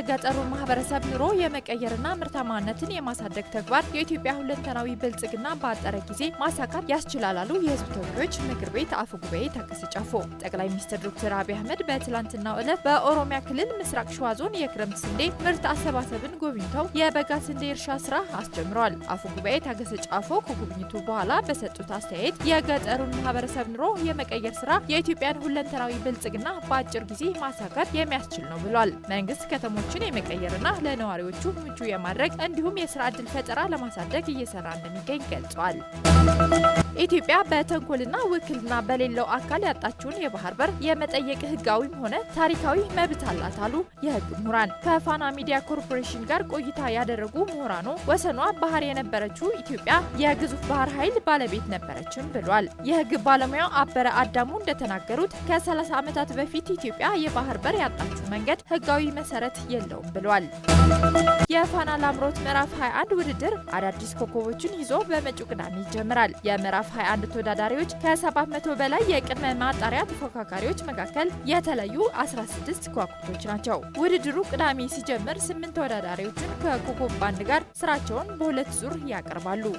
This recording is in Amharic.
የገጠሩ ማህበረሰብ ኑሮ የመቀየርና ምርታማነትን የማሳደግ ተግባር የኢትዮጵያ ሁለንተናዊ ብልጽግና በአጠረ ጊዜ ማሳካት ያስችላል አሉ የህዝብ ተወካዮች ምክር ቤት አፈ ጉባኤ ታገሰ ጫፎ። ጠቅላይ ሚኒስትር ዶክተር አብይ አህመድ በትላንትናው ዕለት በኦሮሚያ ክልል ምስራቅ ሸዋ ዞን የክረምት ስንዴ ምርት አሰባሰብን ጎብኝተው የበጋ ስንዴ እርሻ ስራ አስጀምረዋል። አፈ ጉባኤ ታገሰ ጫፎ ከጉብኝቱ በኋላ በሰጡት አስተያየት የገጠሩን ማህበረሰብ ኑሮ የመቀየር ስራ የኢትዮጵያን ሁለንተናዊ ብልጽግና በአጭር ጊዜ ማሳካት የሚያስችል ነው ብሏል። መንግስት ከተሞች አሰራሮችን የመቀየርና ለነዋሪዎቹ ምቹ የማድረግ እንዲሁም የስራ እድል ፈጠራ ለማሳደግ እየሰራ እንደሚገኝ ገልጿል። ኢትዮጵያ በተንኮልና ውክልና በሌለው አካል ያጣችውን የባህር በር የመጠየቅ ህጋዊም ሆነ ታሪካዊ መብት አላት አሉ የህግ ምሁራን። ከፋና ሚዲያ ኮርፖሬሽን ጋር ቆይታ ያደረጉ ምሁራኑ ወሰኗ ባህር የነበረችው ኢትዮጵያ የግዙፍ ባህር ኃይል ባለቤት ነበረችም ብሏል። የህግ ባለሙያው አበረ አዳሙ እንደተናገሩት ከ30 ዓመታት በፊት ኢትዮጵያ የባህር በር ያጣችው መንገድ ህጋዊ መሰረት የለውም ብሏል። የፋና ላምሮት ምዕራፍ 21 ውድድር አዳዲስ ኮከቦችን ይዞ በመጪው ቅዳሜ ይጀምራል። የምዕራፍ 21 ተወዳዳሪዎች ከ700 በላይ የቅድመ ማጣሪያ ተፎካካሪዎች መካከል የተለዩ 16 ከዋክብቶች ናቸው። ውድድሩ ቅዳሜ ሲጀምር ስምንት ተወዳዳሪዎችን ከኮከብ ባንድ ጋር ስራቸውን በሁለት ዙር ያቀርባሉ።